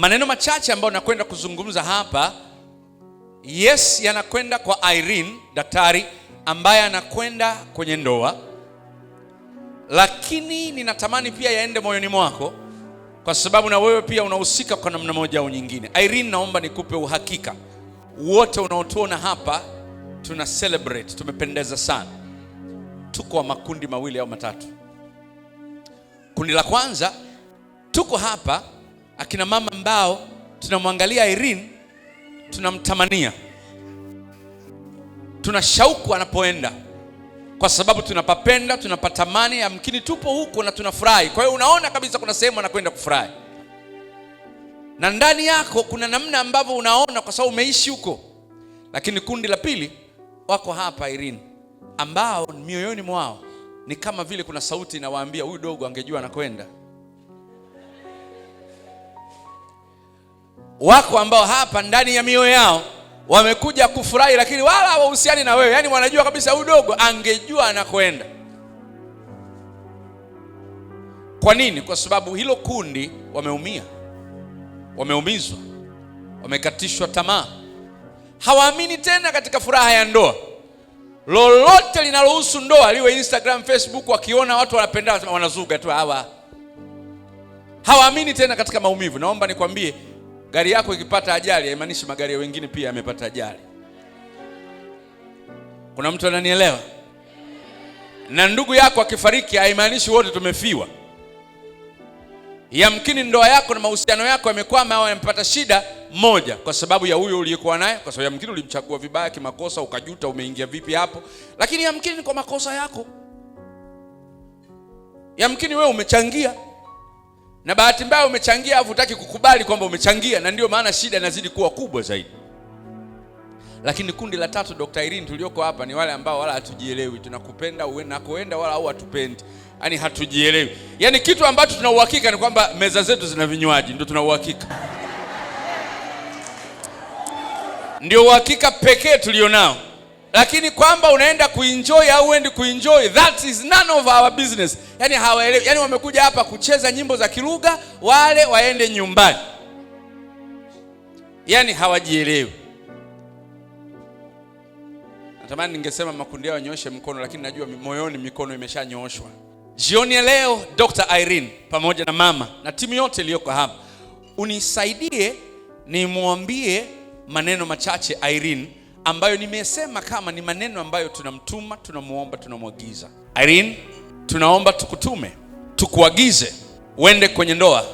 maneno machache ambayo nakwenda kuzungumza hapa, yes, yanakwenda kwa Irene, daktari ambaye anakwenda kwenye ndoa, lakini ninatamani pia yaende moyoni mwako, kwa sababu na wewe pia unahusika kwa namna moja au nyingine. Irene, naomba nikupe uhakika, wote unaotuona hapa tuna celebrate, tumependeza sana. Tuko makundi mawili au matatu. Kundi la kwanza tuko hapa akina mama ambao tunamwangalia Irene tunamtamania, tuna shauku anapoenda, kwa sababu tunapapenda, tunapatamani, yamkini tupo huko na tunafurahi. Kwa hiyo unaona kabisa kuna sehemu anakwenda kufurahi, na ndani yako kuna namna ambavyo unaona, kwa sababu umeishi huko. Lakini kundi la pili wako hapa Irene, ambao mioyoni mwao ni kama vile kuna sauti inawaambia huyu dogo angejua anakwenda wako ambao hapa ndani ya mioyo yao wamekuja kufurahi, lakini wala hawahusiani na wewe, yaani wanajua kabisa huyu dogo angejua anakwenda. Kwa nini? Kwa sababu hilo kundi wameumia, wameumizwa, wamekatishwa tamaa, hawaamini tena katika furaha ya ndoa. Lolote linalohusu ndoa, liwe Instagram, Facebook, wakiona watu wanapendana wanazuga tu hawa, hawaamini tena katika maumivu. Naomba nikwambie Gari yako ikipata ajali haimaanishi magari wengine pia yamepata ajali. Kuna mtu ananielewa? Na ndugu yako akifariki haimaanishi wote tumefiwa. Yamkini ndoa yako na mahusiano yako yamekwama au yamepata shida moja, kwa sababu ya huyo uliyekuwa naye, kwa sababu yamkini ulimchagua vibaya kimakosa, ukajuta umeingia vipi hapo, lakini yamkini ni kwa makosa yako, yamkini wewe umechangia na bahati mbaya umechangia, afu hutaki kukubali kwamba umechangia, na ndiyo maana shida inazidi kuwa kubwa zaidi. Lakini kundi la tatu, Dr. Irene, tulioko hapa ni wale ambao wala hatujielewi, tunakupenda unakoenda wala au hatupendi, yaani hatujielewi. Yaani kitu ambacho tuna uhakika ni kwamba meza zetu zina vinywaji, ndio tuna uhakika, ndio uhakika pekee tulionao lakini kwamba unaenda kuenjoy au uendi kuenjoy, that is none of our business. Yani hawaelewi, yani wamekuja hapa kucheza nyimbo za kilugha, wale waende nyumbani, yani hawajielewi. Natamani ningesema makundi yao nyoshe mkono, lakini najua moyoni mikono imeshanyoshwa. Jioni ya leo, Dr. Irene pamoja na mama na timu yote iliyoko hapa, unisaidie nimwambie maneno machache Irene ambayo nimesema kama ni maneno ambayo tunamtuma, tunamwomba, tunamwagiza. Irene, tunaomba tukutume, tukuagize uende kwenye ndoa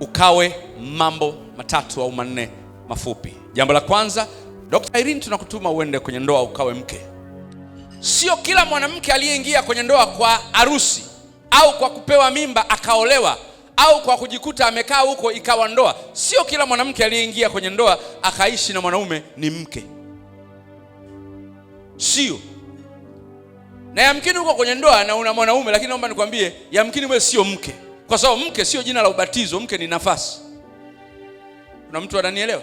ukawe mambo matatu au manne mafupi. Jambo la kwanza, Dr. Irene, tunakutuma uende kwenye ndoa ukawe mke. Sio kila mwanamke aliyeingia kwenye ndoa kwa harusi au kwa kupewa mimba akaolewa au kwa kujikuta amekaa huko ikawa ndoa. Sio kila mwanamke aliyeingia kwenye ndoa akaishi na mwanaume ni mke sio. Na yamkini uko kwenye ndoa na una mwanaume, lakini naomba nikwambie, yamkini wewe sio mke, kwa sababu mke sio jina la ubatizo. Mke ni nafasi. Kuna mtu ananielewa?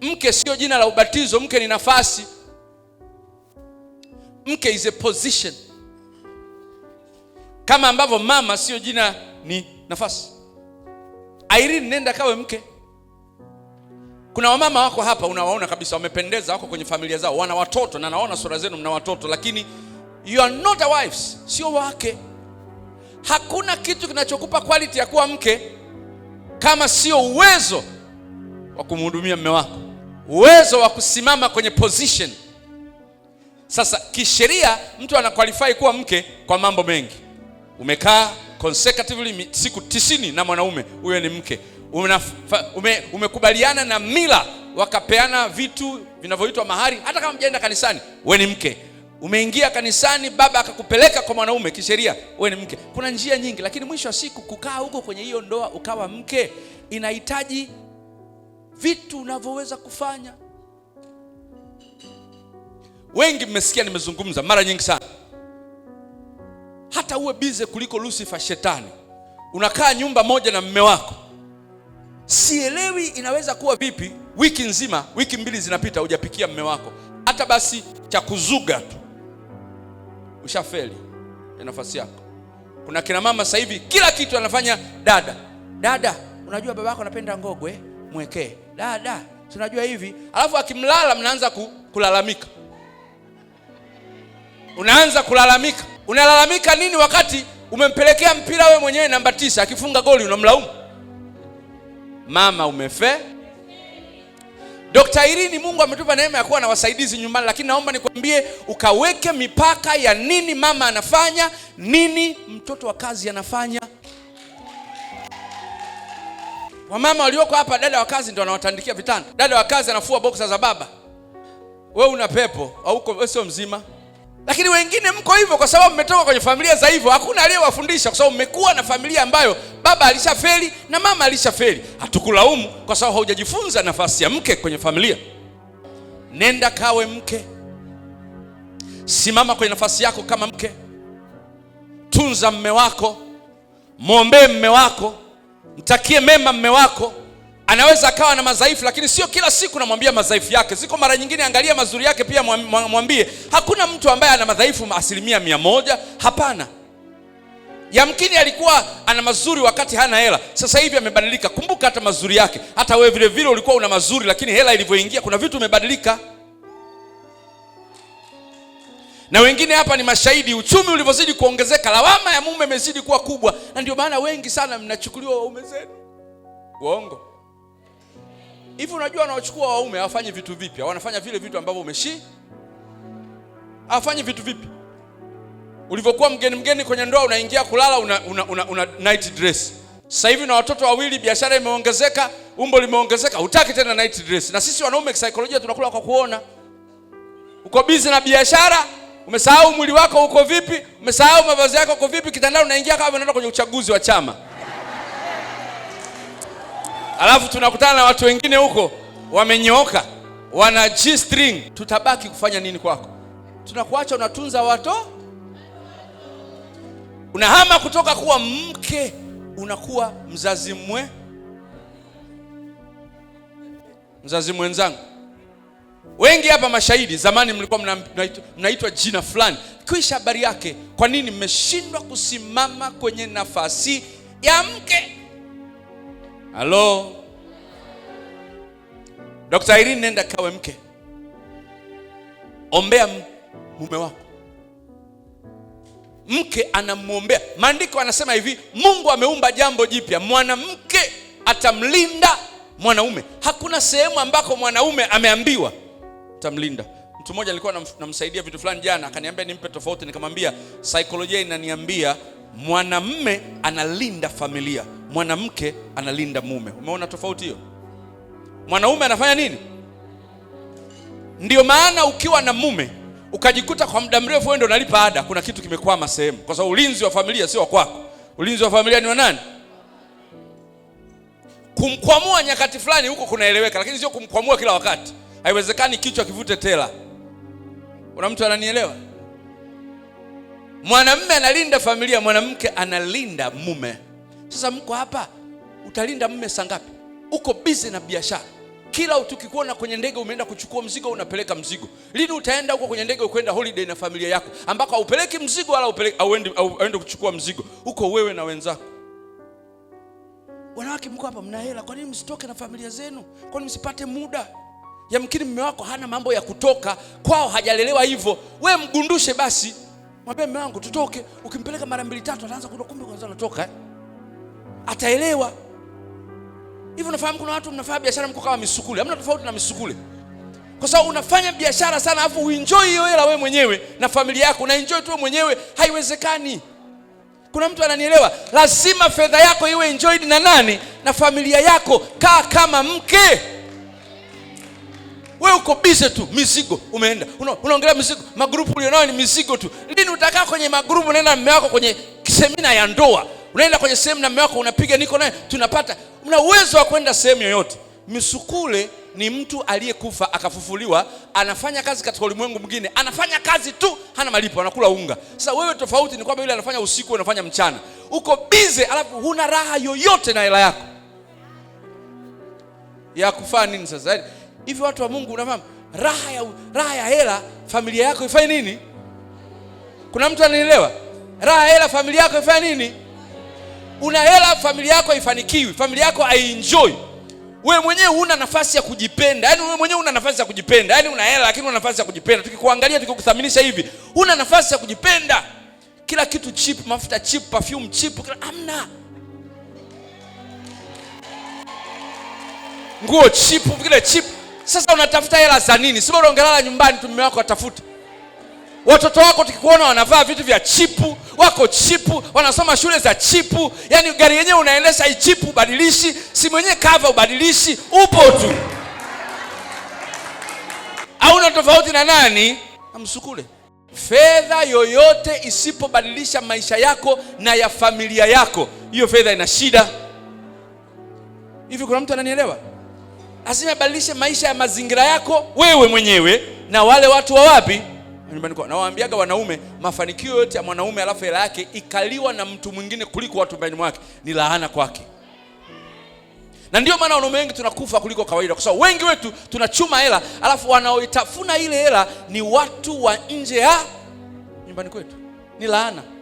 Mke sio jina la ubatizo, mke ni nafasi. Mke is a position, kama ambavyo mama sio jina, ni nafasi. Irene, nenda kawe mke. Kuna wamama wako hapa unawaona kabisa wamependeza, wako kwenye familia zao, wana watoto na naona sura zenu mna watoto, lakini you are not a wives, sio wake. Hakuna kitu kinachokupa quality ya kuwa mke kama sio uwezo wa kumhudumia mme wako, uwezo wa kusimama kwenye position. Sasa kisheria mtu anakwalifai kuwa mke kwa mambo mengi. Umekaa consecutively siku tisini na mwanaume, huyo ni mke ume, umekubaliana na mila, wakapeana vitu vinavyoitwa mahari. Hata kama mjaenda kanisani, we ni mke. Umeingia kanisani, baba akakupeleka kwa mwanaume kisheria, we ni mke. Kuna njia nyingi, lakini mwisho wa siku kukaa huko kwenye hiyo ndoa ukawa mke inahitaji vitu unavyoweza kufanya. Wengi mmesikia nimezungumza mara nyingi sana, hata uwe bize kuliko lusifa shetani. Unakaa nyumba moja na mme wako, Sielewi inaweza kuwa vipi, wiki nzima, wiki mbili zinapita, hujapikia mme wako hata basi cha kuzuga tu, ushafeli ya nafasi yako. Kuna kina mama sasa hivi kila kitu anafanya dada, dada, unajua baba yako anapenda ngogwe, mwekee dada, tunajua hivi, alafu akimlala mnaanza ku, kulalamika, unaanza kulalamika. Unalalamika nini wakati umempelekea mpira we mwenyewe namba tisa, akifunga goli unamlaumu mama umefe. dokta Irini, Mungu ametupa neema ya kuwa na wasaidizi nyumbani, lakini naomba nikwambie ukaweke mipaka ya nini mama anafanya, nini mtoto wa kazi anafanya. Wamama walioko hapa, dada wa kazi ndio anawatandikia vitanda, dada wa kazi anafua boksa za baba. We una pepo au sio mzima? Lakini wengine mko hivyo kwa sababu mmetoka kwenye familia za hivyo. Hakuna aliyewafundisha kwa sababu mmekuwa na familia ambayo baba alishafeli na mama alishafeli. Hatukulaumu kwa sababu haujajifunza nafasi ya mke kwenye familia. Nenda kawe mke, simama kwenye nafasi yako kama mke, tunza mme wako, mwombee mme wako, mtakie mema mme wako. Anaweza akawa na madhaifu, lakini sio kila siku namwambia madhaifu yake. Ziko mara nyingine, angalia mazuri yake pia mwambie. Hakuna mtu ambaye ana madhaifu asilimia mia moja. Hapana. Yamkini alikuwa ana mazuri wakati hana hela, sasa hivi amebadilika. Kumbuka hata mazuri yake, hata wewe vile vile ulikuwa una mazuri, lakini hela ilivyoingia, kuna vitu umebadilika. Na wengine hapa ni mashahidi, uchumi ulivyozidi kuongezeka, lawama ya mume imezidi kuwa kubwa, na ndio maana wengi sana mnachukuliwa waume zenu. Uongo hivi? Unajua wanaochukua waume hawafanyi vitu vipya, wanafanya vile vitu ambavyo umeshi, hawafanyi vitu vipya ulivyokuwa mgeni mgeni kwenye ndoa, unaingia kulala una, una, una, una night dress. Sasa hivi na watoto wawili, biashara imeongezeka, umbo limeongezeka, hutaki tena night dress. Na sisi wanaume kisaikolojia tunakula kwa kuona. Uko busy na biashara, umesahau mwili wako uko vipi, umesahau mavazi yako uko vipi, kitandani unaingia kama unaenda kwenye uchaguzi wa chama. Alafu tunakutana na watu wengine huko wamenyooka, wana G string. Tutabaki kufanya nini kwako? Tunakuacha unatunza watoto Unahama kutoka kuwa mke unakuwa mzazi mwe mzazi mwenzangu. Wengi hapa mashahidi, zamani mlikuwa mnaitwa mna jina fulani, kisha habari yake. Kwa nini mmeshindwa kusimama kwenye nafasi ya mke? Halo Dr. Irene, nenda kawe mke, ombea mume wako mke anamwombea. Maandiko anasema hivi, Mungu ameumba jambo jipya, mwanamke atamlinda mwanaume. Hakuna sehemu ambako mwanaume ameambiwa tamlinda. Mtu mmoja alikuwa namsaidia vitu fulani jana, akaniambia nimpe tofauti, nikamwambia saikolojia inaniambia mwanamme analinda familia, mwanamke analinda mume. Umeona tofauti hiyo? Mwanaume anafanya nini? Ndio maana ukiwa na mume ukajikuta kwa muda mrefu wewe ndio unalipa ada, kuna kitu kimekwama sehemu, kwa sababu ulinzi wa familia sio wa kwako. Ulinzi wa familia ni wa nani? Kumkwamua nyakati fulani huko kunaeleweka, lakini sio kumkwamua kila wakati. Haiwezekani kichwa kivute tela. Kuna mtu ananielewa? Mwanamume analinda familia, mwanamke analinda mume. Sasa mko hapa, utalinda mume sangapi? Uko busy na biashara kila tukikuona kwenye ndege umeenda kuchukua mzigo, unapeleka mzigo. Lini utaenda huko kwenye ndege ukwenda holiday na familia yako, ambako haupeleki mzigo wala auende kuchukua mzigo? huko wewe na wenzako. Wanawake mko hapa, mna hela, kwa nini msitoke na familia zenu? Kwa nini msipate muda? Yamkini mme wako hana mambo ya kutoka kwao, hajalelewa hivyo. We mgundushe basi, mwambie mme wangu tutoke. Ukimpeleka mara mbili tatu, ataanza kumbe kwanza anatoka eh? Ataelewa. Hivi unafahamu kuna watu mnafanya biashara mko kama misukule, hamna tofauti na misukule, kwa sababu unafanya biashara sana afu uenjoy hiyo hela wewe mwenyewe na familia yako, enjoy tu mwenyewe. Haiwezekani. Kuna mtu ananielewa? Lazima fedha yako iwe enjoyed na nani? Na familia yako. Kaa kama mke. we uko busy tu, mizigo umeenda unaongelea mizigo, magrupu ulionayo ni mizigo tu. Lini utakaa kwenye magrupu? Nenda mme wako kwenye semina ya ndoa unaenda kwenye sehemu na mume wako unapiga niko naye, tunapata. una uwezo wa kwenda sehemu yoyote. Misukule ni mtu aliyekufa akafufuliwa, anafanya kazi katika ulimwengu mwingine, anafanya kazi tu, hana malipo, anakula unga. Sasa wewe tofauti ni kwamba yule anafanya usiku, anafanya mchana, uko bize, alafu huna raha yoyote na hela yako ya kufaa nini? Sasa yaani, hivi watu wa Mungu, unafahamu raha ya raha ya hela, familia yako ifanye nini? Kuna mtu ananielewa? Raha ya hela, familia yako ifanye nini? una hela, familia yako haifanikiwi, familia yako haienjoy, wewe mwenyewe una nafasi ya kujipenda. Yaani wewe mwenyewe una nafasi ya kujipenda, yaani una hela lakini una nafasi ya kujipenda. Tukikuangalia tukikuthaminisha hivi, una nafasi ya kujipenda. Kila kitu chip mafuta chip perfume chip kila amna nguo chip vile chip Sasa unatafuta hela za nini? Sio unaongelala nyumbani tu, mume wako atafuta, watoto wako tukikuona wanavaa vitu vya chipu wako chipu, wanasoma shule za chipu. Yani gari yenyewe unaendesha ichipu, ubadilishi si mwenyewe kava, ubadilishi upo tu, hauna tofauti na nani? Na msukule. Fedha yoyote isipobadilisha maisha yako na ya familia yako, hiyo fedha ina shida. Hivi kuna mtu ananielewa? Lazima ibadilishe maisha ya mazingira yako wewe mwenyewe na wale watu wa wapi nyumbani kwao. Nawaambiaga wanaume, mafanikio yote ya mwanaume alafu hela yake ikaliwa na mtu mwingine kuliko watu nyumbani mwake ni laana kwake. Na ndio maana wanaume wengi tunakufa kuliko kawaida, kwa sababu wengi wetu tunachuma hela, alafu wanaoitafuna ile hela ni watu wa nje ya nyumbani kwetu, ni laana.